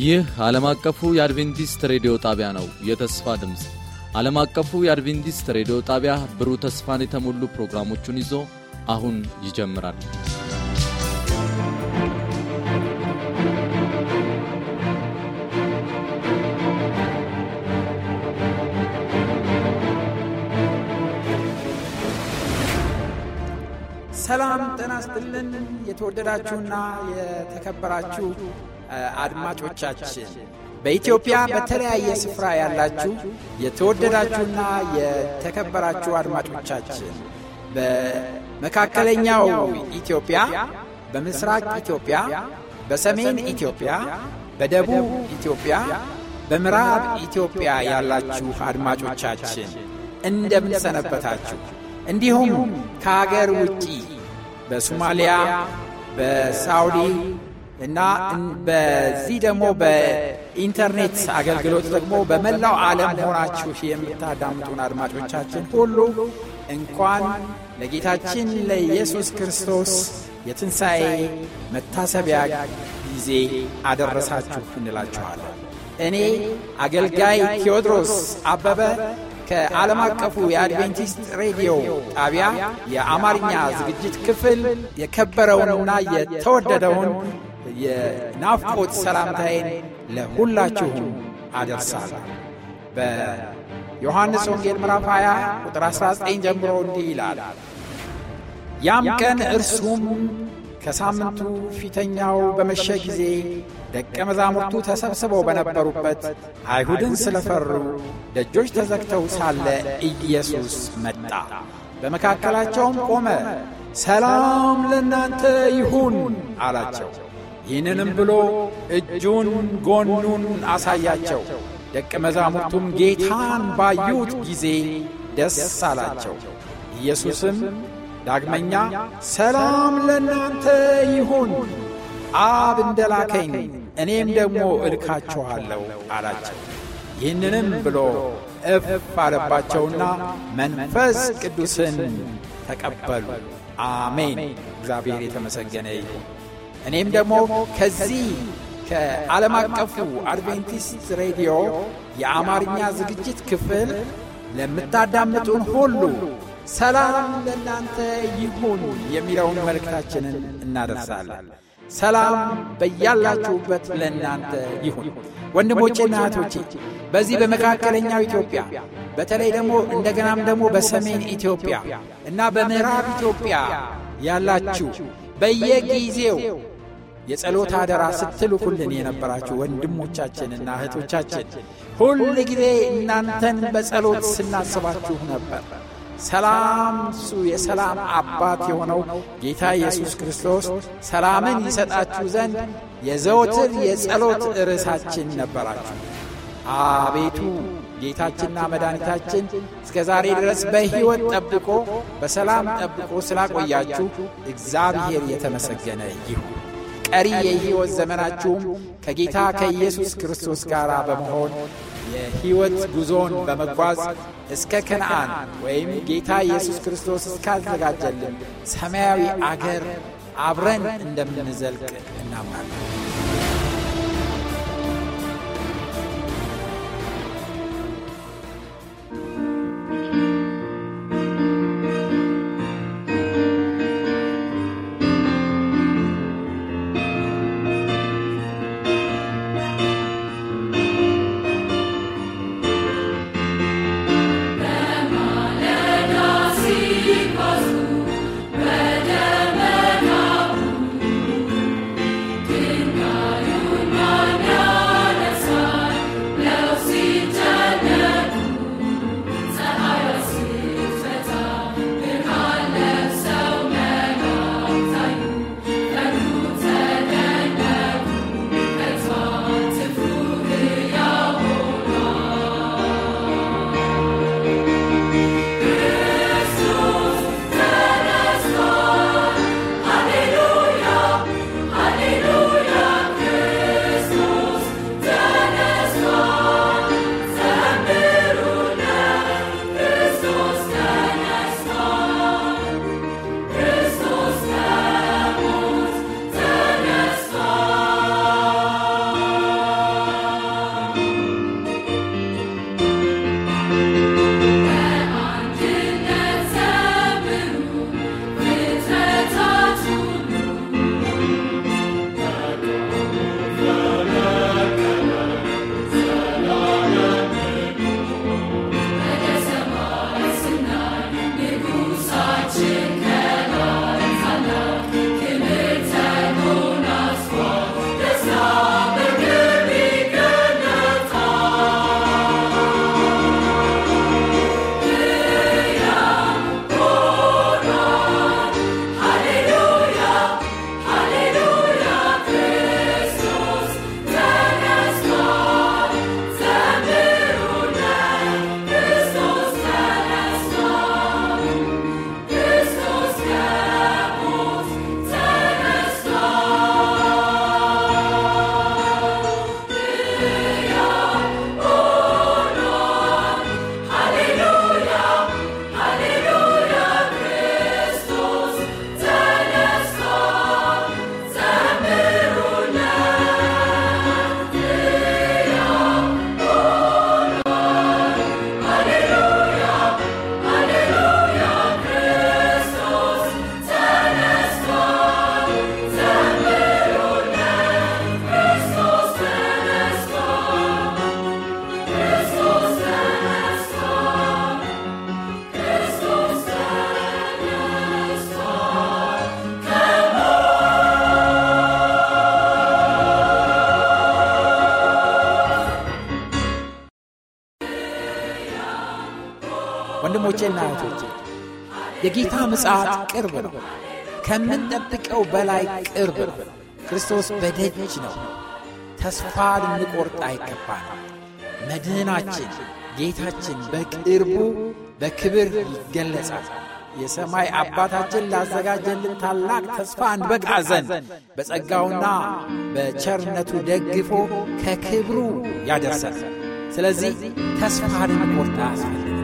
ይህ ዓለም አቀፉ የአድቬንቲስት ሬዲዮ ጣቢያ ነው። የተስፋ ድምፅ ዓለም አቀፉ የአድቬንቲስት ሬዲዮ ጣቢያ ብሩህ ተስፋን የተሞሉ ፕሮግራሞቹን ይዞ አሁን ይጀምራል። ሰላም ጤና የተወደዳችሁና የተከበራችሁ አድማጮቻችን በኢትዮጵያ በተለያየ ስፍራ ያላችሁ የተወደዳችሁና የተከበራችሁ አድማጮቻችን በመካከለኛው ኢትዮጵያ፣ በምስራቅ ኢትዮጵያ፣ በሰሜን ኢትዮጵያ፣ በደቡብ ኢትዮጵያ፣ በምዕራብ ኢትዮጵያ ያላችሁ አድማጮቻችን እንደምንሰነበታችሁ፣ እንዲሁም ከአገር ውጪ በሶማሊያ፣ በሳውዲ እና በዚህ ደግሞ በኢንተርኔት አገልግሎት ደግሞ በመላው ዓለም ሆናችሁ የምታዳምጡን አድማጮቻችን ሁሉ እንኳን ለጌታችን ለኢየሱስ ክርስቶስ የትንሣኤ መታሰቢያ ጊዜ አደረሳችሁ እንላችኋለን። እኔ አገልጋይ ቴዎድሮስ አበበ ከዓለም አቀፉ የአድቬንቲስት ሬዲዮ ጣቢያ የአማርኛ ዝግጅት ክፍል የከበረውንና የተወደደውን የናፍቆት ሰላምታዬን ለሁላችሁም አደርሳለ በዮሐንስ ወንጌል ምራፍ 20 ቁጥር 19 ጀምሮ እንዲህ ይላል፣ ያም ቀን እርሱም ከሳምንቱ ፊተኛው በመሸ ጊዜ ደቀ መዛሙርቱ ተሰብስበው በነበሩበት አይሁድን ስለፈሩ ደጆች ተዘግተው ሳለ ኢየሱስ መጣ፣ በመካከላቸውም ቆመ። ሰላም ለእናንተ ይሁን አላቸው። ይህንንም ብሎ እጁን ጎኑን አሳያቸው። ደቀ መዛሙርቱም ጌታን ባዩት ጊዜ ደስ አላቸው። ኢየሱስም ዳግመኛ ሰላም ለእናንተ ይሁን፣ አብ ላከኝ እኔም ደግሞ እልካችኋለሁ አላቸው። ይህንንም ብሎ እፍ አለባቸውና መንፈስ ቅዱስን ተቀበሉ። አሜን። እግዚአብሔር የተመሰገነ ይሁን። እኔም ደግሞ ከዚህ ከዓለም አቀፉ አድቬንቲስት ሬዲዮ የአማርኛ ዝግጅት ክፍል ለምታዳምጡን ሁሉ ሰላም ለእናንተ ይሁን የሚለውን መልእክታችንን እናደርሳለን። ሰላም በያላችሁበት ለእናንተ ይሁን። ወንድሞቼ እህቶቼ በዚህ በመካከለኛው ኢትዮጵያ በተለይ ደግሞ እንደገናም ደግሞ በሰሜን ኢትዮጵያ እና በምዕራብ ኢትዮጵያ ያላችሁ በየጊዜው የጸሎት አደራ ስትልኩልን የነበራችሁ ወንድሞቻችንና እህቶቻችን ሁል ጊዜ እናንተን በጸሎት ስናስባችሁ ነበር። ሰላም እሱ የሰላም አባት የሆነው ጌታ ኢየሱስ ክርስቶስ ሰላምን ይሰጣችሁ ዘንድ የዘወትር የጸሎት ርዕሳችን ነበራችሁ። አቤቱ ጌታችንና መድኃኒታችን እስከ ዛሬ ድረስ በሕይወት ጠብቆ በሰላም ጠብቆ ስላቆያችሁ እግዚአብሔር የተመሰገነ ይሁን። ቀሪ የሕይወት ዘመናችሁም ከጌታ ከኢየሱስ ክርስቶስ ጋር በመሆን የሕይወት ጉዞን በመጓዝ እስከ ከነአን ወይም ጌታ ኢየሱስ ክርስቶስ እስካዘጋጀልን ሰማያዊ አገር አብረን እንደምንዘልቅ እናምናለን። ምጽአት ቅርብ ነው። ከምንጠብቀው በላይ ቅርብ ነው። ክርስቶስ በደጅ ነው። ተስፋ ልንቆርጥ አይገባል። መድህናችን ጌታችን በቅርቡ በክብር ይገለጻል። የሰማይ አባታችን ላዘጋጀልን ታላቅ ተስፋ እንበቃ ዘንድ በጸጋውና በቸርነቱ ደግፎ ከክብሩ ያደርሰል። ስለዚህ ተስፋ ልንቆርጥ አያስፈልግም።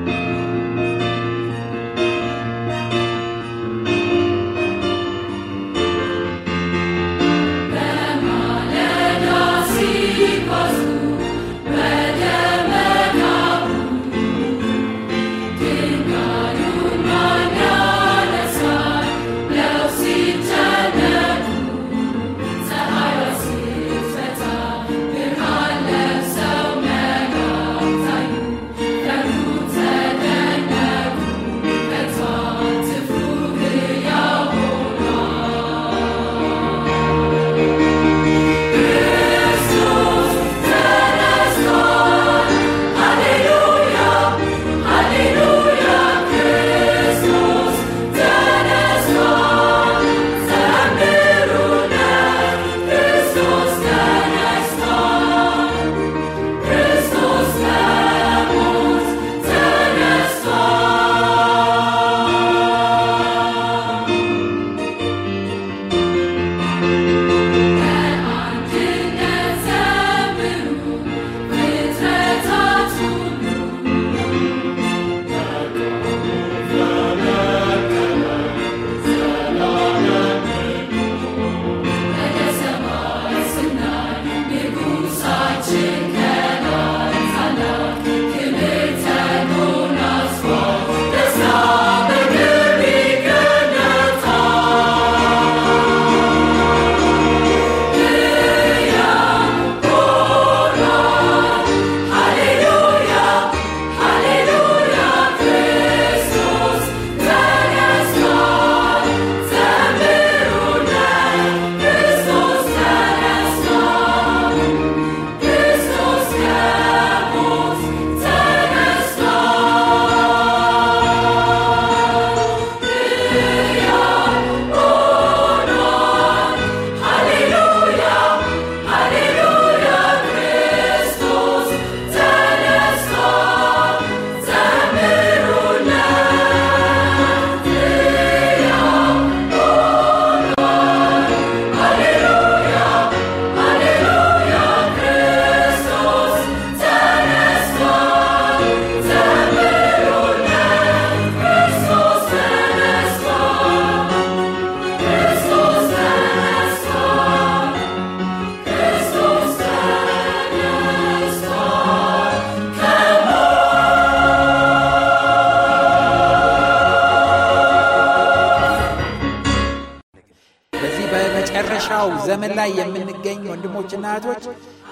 ዘመን ላይ የምንገኝ ወንድሞችና እህቶች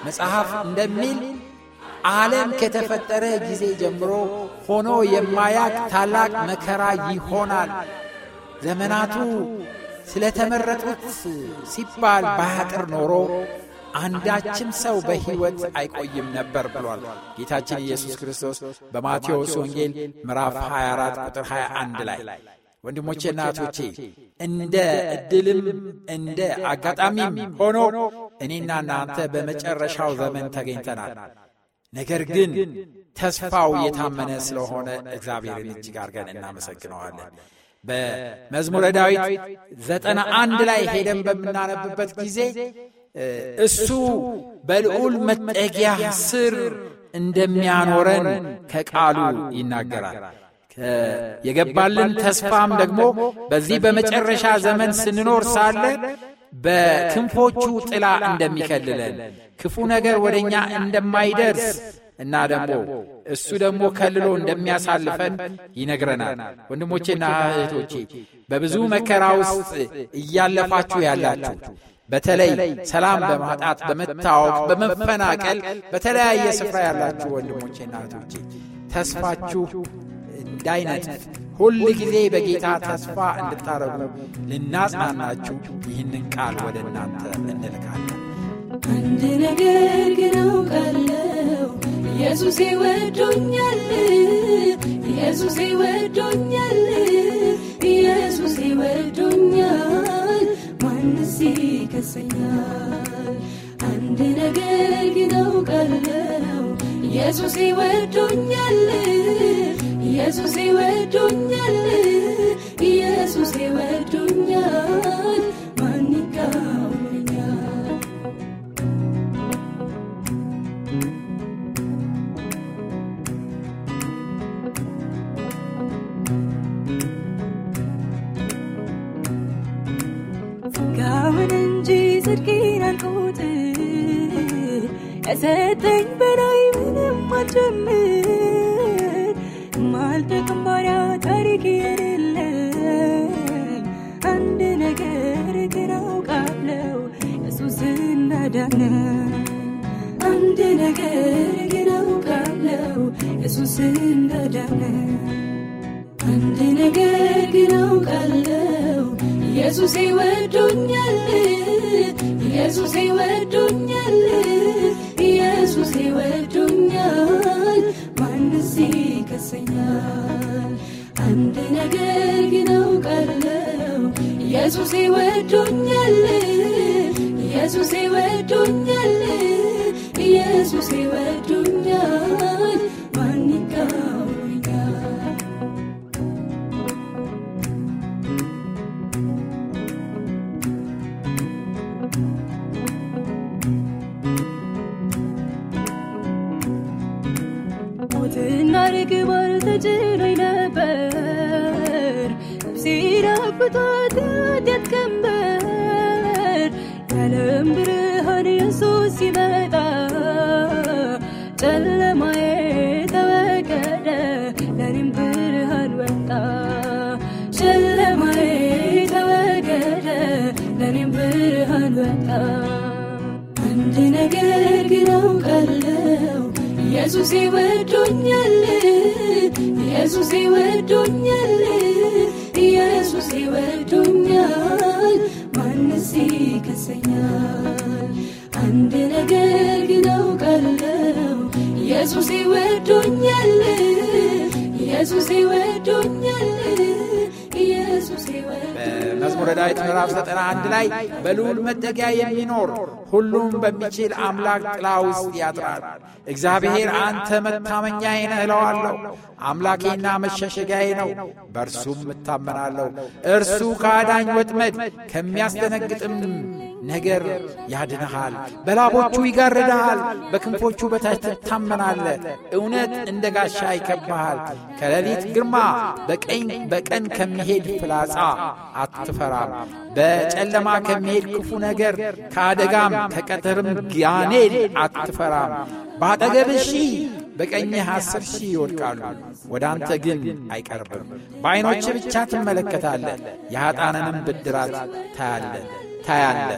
መጽሐፍ እንደሚል ዓለም ከተፈጠረ ጊዜ ጀምሮ ሆኖ የማያቅ ታላቅ መከራ ይሆናል። ዘመናቱ ስለተመረጡት ሲባል ባያጥር ኖሮ አንዳችም ሰው በሕይወት አይቆይም ነበር ብሏል ጌታችን ኢየሱስ ክርስቶስ በማቴዎስ ወንጌል ምዕራፍ 24 ቁጥር 21 ላይ ወንድሞቼና እህቶቼ እንደ እድልም እንደ አጋጣሚም ሆኖ እኔና እናንተ በመጨረሻው ዘመን ተገኝተናል። ነገር ግን ተስፋው የታመነ ስለሆነ እግዚአብሔርን እጅግ አርገን እናመሰግነዋለን። በመዝሙረ ዳዊት ዘጠና አንድ ላይ ሄደን በምናነብበት ጊዜ እሱ በልዑል መጠጊያ ስር እንደሚያኖረን ከቃሉ ይናገራል። የገባልን ተስፋም ደግሞ በዚህ በመጨረሻ ዘመን ስንኖር ሳለ በክንፎቹ ጥላ እንደሚከልለን ክፉ ነገር ወደ እኛ እንደማይደርስ እና ደግሞ እሱ ደግሞ ከልሎ እንደሚያሳልፈን ይነግረናል። ወንድሞቼና እህቶቼ በብዙ መከራ ውስጥ እያለፋችሁ ያላችሁ በተለይ ሰላም በማጣት በመታወቅ፣ በመፈናቀል በተለያየ ስፍራ ያላችሁ ወንድሞቼና እህቶቼ ተስፋችሁ እንዳይነጥፍ ሁል ጊዜ በጌታ ተስፋ እንድታረጉ ልናጽናናችሁ ይህንን ቃል ወደ እናንተ እንልካለን። አንድ ነገር ግነው አውቃለሁ፣ ኢየሱስ ወዶኛል፣ ኢየሱስ ወዶኛል፣ ኢየሱስ ወዶኛል፣ ማንስ ይከሰኛል? አንድ ነገር ግነው አውቃለሁ፣ ኢየሱስ ወዶኛል Yesusi wetu nyele Yesusi wetu nyele Manika mwenya Kawan nji sirkinan kute Ese ting pera imene matemene ስንረዳነ አንድ ነገር ግን አውቃለው ኢየሱሴ ወዶኛል ኢየሱሴ ወዶኛል ኢየሱሴ ወዶኛል ማንስ ይከሰኛል አንድ ነገር ግን አውቃለው ኢየሱሴ ተጭኖኝ ነበር ነፍሴ ናፍቆት የኃጢአት ቀንበር የዓለም ብርሃን ኢየሱስ ሲመጣ ጨለማዬ ተወገደ ለኔም ብርሃን ወጣ ጨለማዬ ተወገደ ብርሃን ወጣ አንድ ነገር ግን ኢየሱስ ይወዶኛል ኢየሱስ ይወዶኛል ኢየሱስ ይወዶኛል ማንስ ይከሰኛል አንድ ነገር ግን አውቃለው ኢየሱስ ይወዶኛል ኢየሱስ ይወዶኛል ኢየሱስ ይወዶኛል ዘምሁረ ዳዊት ምዕራፍ 91 ላይ በልዑል መጠጊያ የሚኖር ሁሉም በሚችል አምላክ ጥላ ውስጥ ያጥራል። እግዚአብሔር አንተ መታመኛዬ ነህ እለዋለሁ። አምላኬና መሸሸጊያዬ ነው፣ በእርሱም እታመናለሁ። እርሱ ከአዳኝ ወጥመድ ከሚያስደነግጥም ነገር ያድንሃል፣ በላቦቹ ይጋርድሃል፣ በክንፎቹ በታች ትታመናለ። እውነት እንደ ጋሻ ይከብሃል። ከሌሊት ግርማ በቀን ከሚሄድ ፍላጻ አትፈራም። በጨለማ ከሚሄድ ክፉ ነገር ከአደጋም ከቀትርም ጋኔል አትፈራም። በአጠገብ ሺህ በቀኝህ አስር ሺህ ይወድቃሉ፣ ወደ አንተ ግን አይቀርብም። በዐይኖች ብቻ ትመለከታለህ፣ የኀጣንንም ብድራት ታያለህ። ታያለ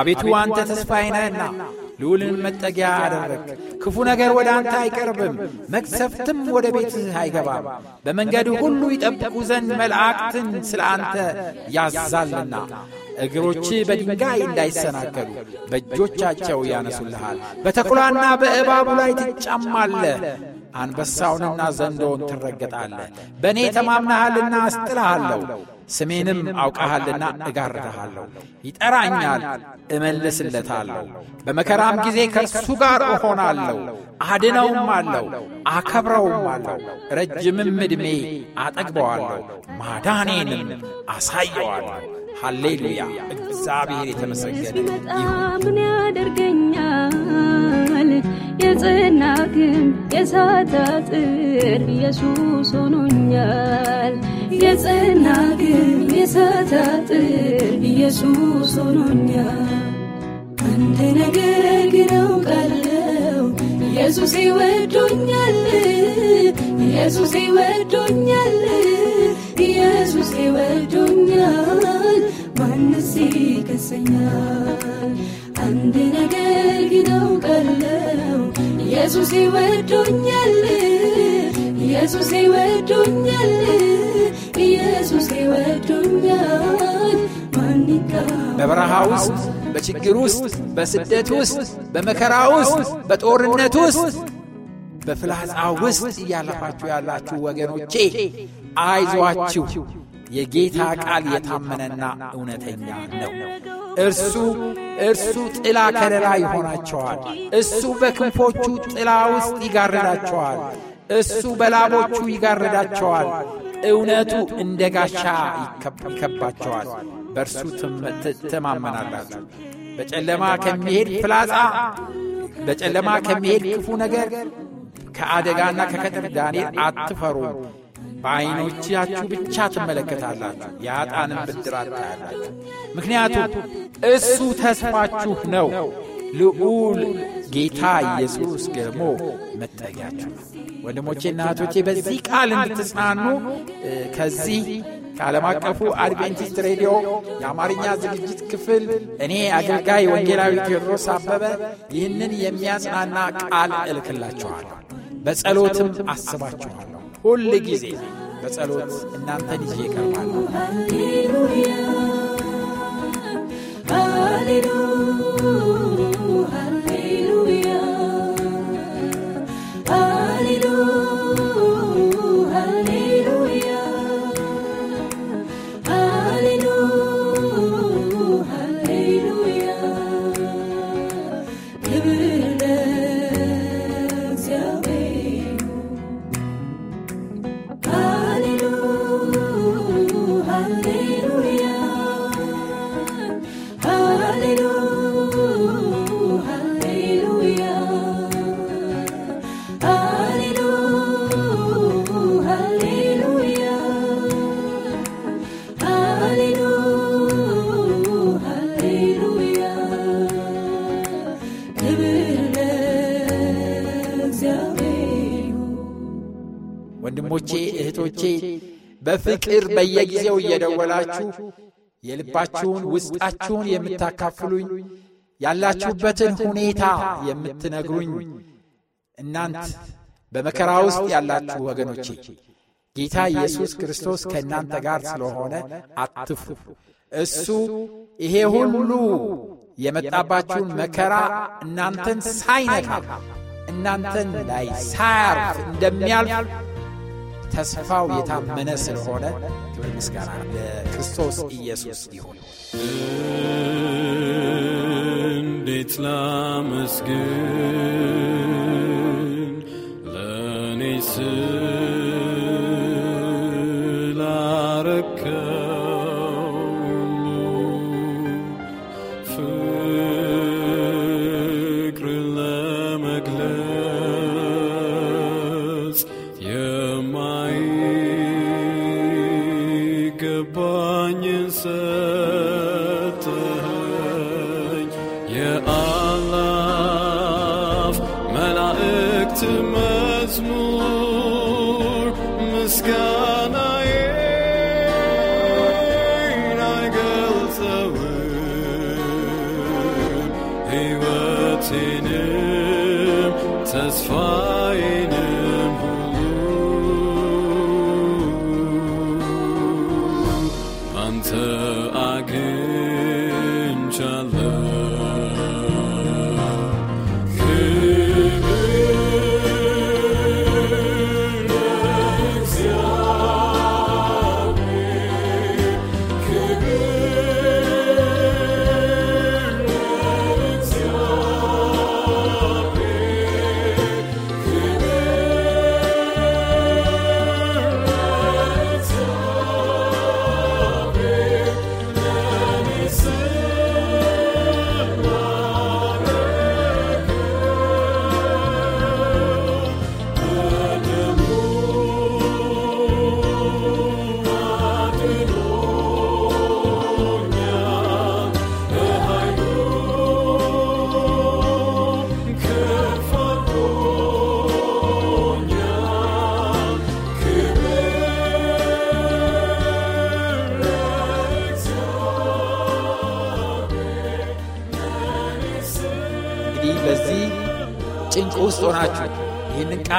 አቤቱ አንተ ተስፋዬ ነህና ልዑልን መጠጊያ አደረግ። ክፉ ነገር ወደ አንተ አይቀርብም፣ መቅሰፍትም ወደ ቤትህ አይገባም። በመንገዱ ሁሉ ይጠብቁ ዘንድ መላእክትን ስለ አንተ ያዛልና እግሮች በድንጋይ እንዳይሰናከሉ በእጆቻቸው ያነሱልሃል። በተኩላና በእባቡ ላይ ትጫማለ አንበሳውንና ዘንዶውን ትረገጣለ በእኔ ተማምናሃልና አስጥልሃለሁ ስሜንም አውቀሃልና እጋርድሃለሁ። ይጠራኛል፣ እመልስለታለሁ። በመከራም ጊዜ ከእርሱ ጋር እሆናለሁ፣ አድነውም አለው፣ አከብረውም አለው። ረጅምም ዕድሜ አጠግበዋለሁ፣ ማዳኔንም አሳየዋለሁ። ሃሌሉያ! እግዚአብሔር የተመሰገነ ይሁን። ያደርገኛል የጽና ግንብ የሳታ አጥር ኢየሱስ ሆኖኛል። የጽና ግንብ የእሳት አጥር ኢየሱስ ሆኖኛል። አንድ ነገር ግን አውቃለሁ ኢየሱስ ይወዶኛል፣ ኢየሱስ ይወዶኛል ኢየሱስ ይወዶኛል፣ ማንስ ይከሰኛል? አንድ ነገር ግን አውቃለው፣ ኢየሱስ ይወዶኛል፣ ኢየሱስ ይወዶኛል፣ ኢየሱስ በበረሃ ውስጥ በችግር ውስጥ በስደት ውስጥ በመከራ ውስጥ በጦርነት ውስጥ በፍላጻ ውስጥ እያለፋችሁ ያላችሁ ወገኖቼ አይዟችሁ የጌታ ቃል የታመነና እውነተኛ ነው እርሱ እርሱ ጥላ ከለላ ይሆናቸዋል እሱ በክንፎቹ ጥላ ውስጥ ይጋርዳቸዋል እሱ በላቦቹ ይጋርዳቸዋል እውነቱ እንደ ጋሻ ይከባቸዋል በእርሱ ትማመናላችሁ በጨለማ ከሚሄድ ፍላጻ በጨለማ ከሚሄድ ክፉ ነገር ከአደጋና ከቀትር ዳንኤል አትፈሩም በዐይኖቻችሁ ብቻ ትመለከታላችሁ፣ የአጣንም ብድራት ታያላችሁ። ምክንያቱም እሱ ተስፋችሁ ነው። ልዑል ጌታ ኢየሱስ ደግሞ መጠጊያችሁ ነው። ወንድሞቼና እህቶቼ በዚህ ቃል እንድትጽናኑ ከዚህ ከዓለም አቀፉ አድቬንቲስት ሬዲዮ የአማርኛ ዝግጅት ክፍል እኔ አገልጋይ ወንጌላዊ ቴዎድሮስ አበበ ይህንን የሚያጽናና ቃል እልክላችኋለሁ። በጸሎትም አስባችኋለሁ። ሁል ጊዜ በጸሎት እናንተን ይዤ እቀርባለሁ። ሃሌሉያ ሃሌሉያ እየበላችሁ የልባችሁን ውስጣችሁን የምታካፍሉኝ ያላችሁበትን ሁኔታ የምትነግሩኝ እናንት በመከራ ውስጥ ያላችሁ ወገኖቼ ጌታ ኢየሱስ ክርስቶስ ከእናንተ ጋር ስለሆነ አትፍሩ። እሱ ይሄ ሁሉ የመጣባችሁን መከራ እናንተን ሳይነካ እናንተን ላይ ሳያርፍ እንደሚያልፍ ተስፋው የታመነ ስለሆነ ክብር ምስጋና ለክርስቶስ ኢየሱስ ይሁን። እንዴት ላመስግን ለእኔ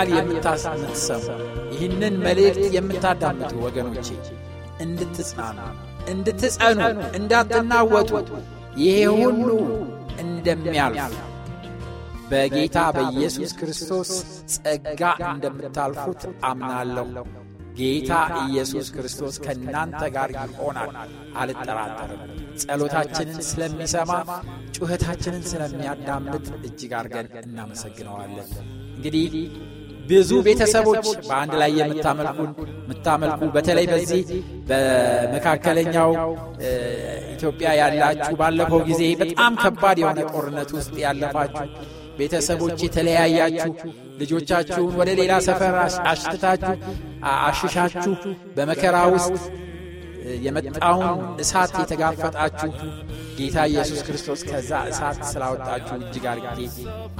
ቃል የምታስምትሰሙ ይህንን መልእክት የምታዳምጡ ወገኖቼ እንድትጽናኑ እንድትጸኑ እንዳትናወጡ ይሄ ሁሉ እንደሚያልፍ በጌታ በኢየሱስ ክርስቶስ ጸጋ እንደምታልፉት አምናለሁ። ጌታ ኢየሱስ ክርስቶስ ከእናንተ ጋር ይሆናል፣ አልጠራጠርም። ጸሎታችንን ስለሚሰማ ጩኸታችንን ስለሚያዳምጥ እጅግ አድርገን እናመሰግነዋለን። እንግዲህ ብዙ ቤተሰቦች በአንድ ላይ የምታመልኩን የምታመልኩ በተለይ በዚህ በመካከለኛው ኢትዮጵያ ያላችሁ ባለፈው ጊዜ በጣም ከባድ የሆነ ጦርነት ውስጥ ያለፋችሁ ቤተሰቦች የተለያያችሁ ልጆቻችሁን ወደ ሌላ ሰፈር አሽትታችሁ አሽሻችሁ በመከራ ውስጥ የመጣውን እሳት የተጋፈጣችሁ ጌታ ኢየሱስ ክርስቶስ ከዛ እሳት ስላወጣችሁ እጅግ አርጌ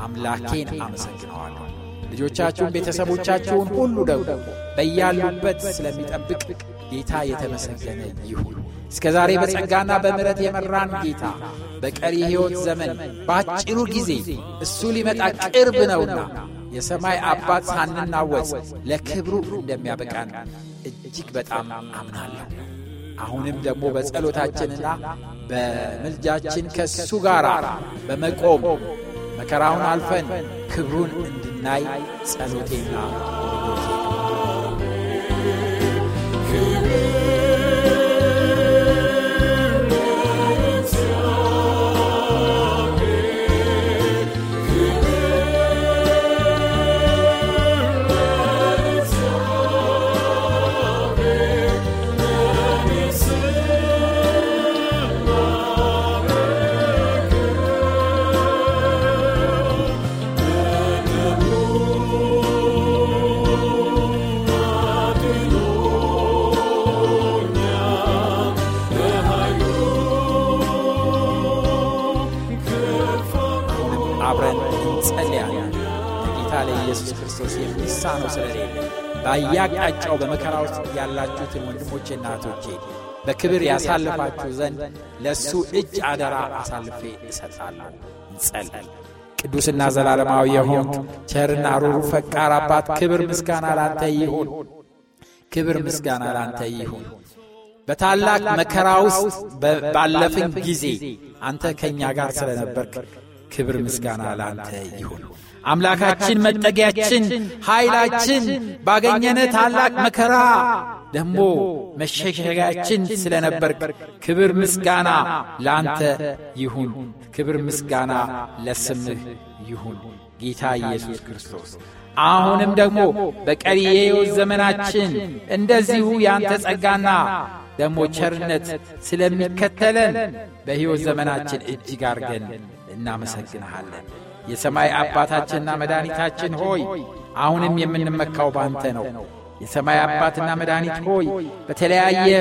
አምላኬን አመሰግነዋለሁ። ልጆቻችሁን፣ ቤተሰቦቻችሁን ሁሉ ደግሞ በያሉበት ስለሚጠብቅ ጌታ የተመሰገነ ይሁን። እስከ ዛሬ በጸጋና በምረት የመራን ጌታ በቀሪ ሕይወት ዘመን በአጭሩ ጊዜ እሱ ሊመጣ ቅርብ ነውና የሰማይ አባት ሳንናወጽ ለክብሩ እንደሚያበቃን እጅግ በጣም አምናለሁ። አሁንም ደግሞ በጸሎታችንና በምልጃችን ከእሱ ጋር በመቆም መከራውን አልፈን ክብሩን እንድ night salutation. በየአቅጣጫው በመከራ ውስጥ ያላችሁትን ወንድሞቼ እናቶቼ በክብር ያሳልፋችሁ ዘንድ ለእሱ እጅ አደራ አሳልፌ እሰጣለሁ። እንጸልይ። ቅዱስና ዘላለማዊ የሆንክ ቸርና ሩሩ ፈቃር አባት ክብር ምስጋና ላንተ ይሁን። ክብር ምስጋና ላንተ ይሁን። በታላቅ መከራ ውስጥ ባለፍን ጊዜ አንተ ከእኛ ጋር ስለነበርክ ክብር ምስጋና ላንተ ይሁን። አምላካችን መጠጊያችን፣ ኃይላችን ባገኘነ ታላቅ መከራ ደግሞ መሸሸጋያችን ስለ ነበርክ ክብር ምስጋና ለአንተ ይሁን። ክብር ምስጋና ለስምህ ይሁን ጌታ ኢየሱስ ክርስቶስ። አሁንም ደግሞ በቀሪ የሕይወት ዘመናችን እንደዚሁ ያንተ ጸጋና ደግሞ ቸርነት ስለሚከተለን በሕይወት ዘመናችን እጅግ አርገን እናመሰግንሃለን። የሰማይ አባታችንና መድኃኒታችን ሆይ አሁንም የምንመካው ባንተ ነው። የሰማይ አባትና መድኃኒት ሆይ በተለያየ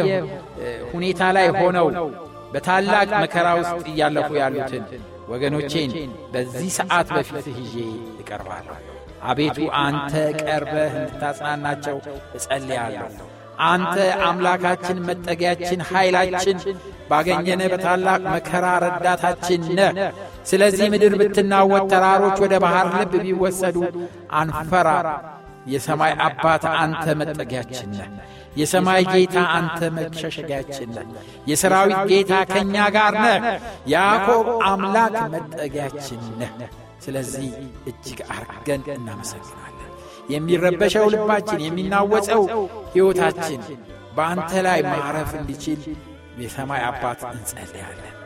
ሁኔታ ላይ ሆነው በታላቅ መከራ ውስጥ እያለፉ ያሉትን ወገኖቼን በዚህ ሰዓት በፊት ይዤ እቀርባለሁ። አቤቱ አንተ ቀርበህ እንድታጽናናቸው እጸልያለሁ። አንተ አምላካችን፣ መጠጊያችን፣ ኃይላችን፣ ባገኘነ በታላቅ መከራ ረዳታችን ነህ። ስለዚህ ምድር ብትናወጥ ተራሮች ወደ ባሕር ልብ ቢወሰዱ አንፈራ የሰማይ አባት አንተ መጠጊያችን ነህ የሰማይ ጌታ አንተ መሸሸጊያችን ነህ የሰራዊት ጌታ ከእኛ ጋር ነህ ያዕቆብ አምላክ መጠጊያችን ነህ ስለዚህ እጅግ አርገን እናመሰግናለን የሚረበሸው ልባችን የሚናወፀው ሕይወታችን በአንተ ላይ ማረፍ እንዲችል የሰማይ አባት እንጸልያለን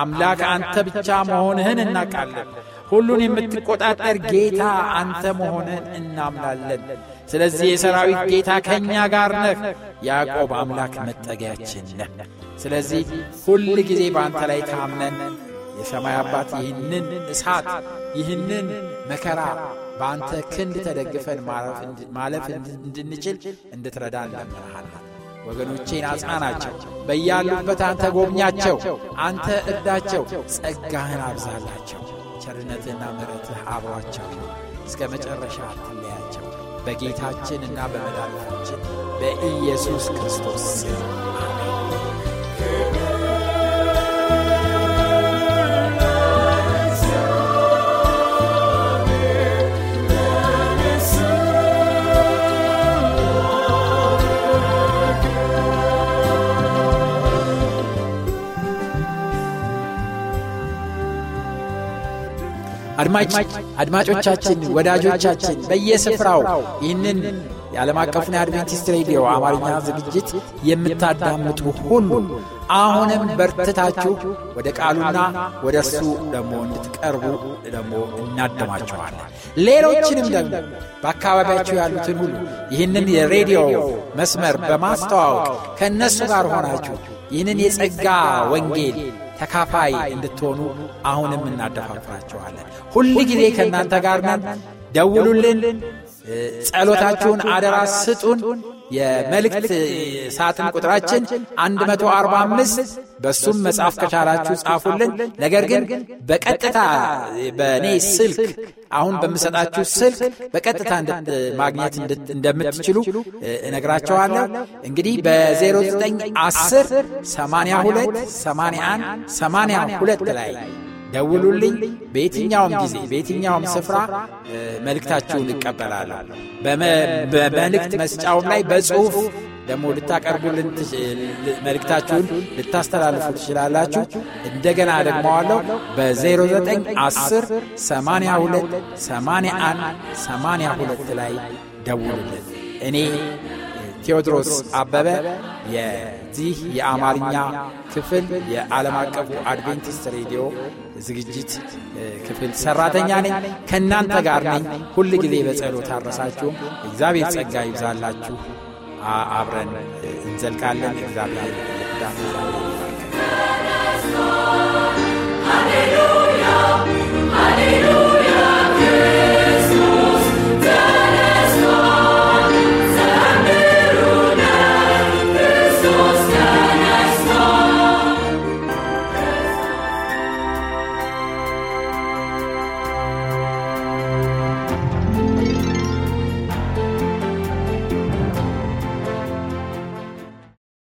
አምላክ አንተ ብቻ መሆንህን እናቃለን ሁሉን የምትቆጣጠር ጌታ አንተ መሆንህን እናምናለን ስለዚህ የሰራዊት ጌታ ከእኛ ጋር ነህ ያዕቆብ አምላክ መጠጊያችን ነህ ስለዚህ ሁል ጊዜ በአንተ ላይ ታምነን የሰማይ አባት ይህንን እሳት ይህንን መከራ በአንተ ክንድ ተደግፈን ማለፍ እንድንችል እንድትረዳን ለምንሃናል ወገኖቼን አጽናናቸው። በያሉበት አንተ ጎብኛቸው፣ አንተ እርዳቸው፣ ጸጋህን አብዛላቸው። ቸርነትህና ምሕረትህ አብሯቸው እስከ መጨረሻ አትለያቸው። በጌታችን እና በመድኃኒታችን በኢየሱስ ክርስቶስ ስም አሜን። አድማጮቻችን፣ ወዳጆቻችን በየስፍራው ይህንን የዓለም አቀፉን የአድቬንቲስት ሬዲዮ አማርኛ ዝግጅት የምታዳምጡ ሁሉ አሁንም በርትታችሁ ወደ ቃሉና ወደ እርሱ ደግሞ እንድትቀርቡ ደግሞ እናደማችኋለን። ሌሎችንም ደግሞ በአካባቢያቸው ያሉትን ሁሉ ይህንን የሬዲዮ መስመር በማስተዋወቅ ከእነሱ ጋር ሆናችሁ ይህንን የጸጋ ወንጌል ተካፋይ እንድትሆኑ አሁንም እናደፋፍራችኋለን። ሁል ጊዜ ከእናንተ ጋር ነን። ደውሉልን። ጸሎታችሁን አደራ ስጡን። የመልእክት ሳትን ቁጥራችን 145 በሱም መጽሐፍ ከቻላችሁ ጻፉልን። ነገር ግን በቀጥታ በእኔ ስልክ አሁን በምሰጣችሁ ስልክ በቀጥታ ማግኘት እንደምትችሉ እነግራቸዋለሁ። እንግዲህ በ0910 82 81 82 ላይ ደውሉልኝ። በየትኛውም ጊዜ በየትኛውም ስፍራ መልእክታችሁን እቀበላለሁ። በመልእክት መስጫውም ላይ በጽሁፍ ደግሞ ልታቀርቡልን መልእክታችሁን ልታስተላልፉ ትችላላችሁ። እንደገና ደግመዋለሁ በ0910 82 81 82 ላይ ደውሉልን። እኔ ቴዎድሮስ አበበ የዚህ የአማርኛ ክፍል የዓለም አቀፉ አድቬንቲስት ሬዲዮ ዝግጅት ክፍል ሰራተኛ ነኝ። ከእናንተ ጋር ነኝ። ሁል ጊዜ በጸሎት አረሳችሁም። እግዚአብሔር ጸጋ ይብዛላችሁ። አብረን እንዘልቃለን። እግዚአብሔር ይርዳ።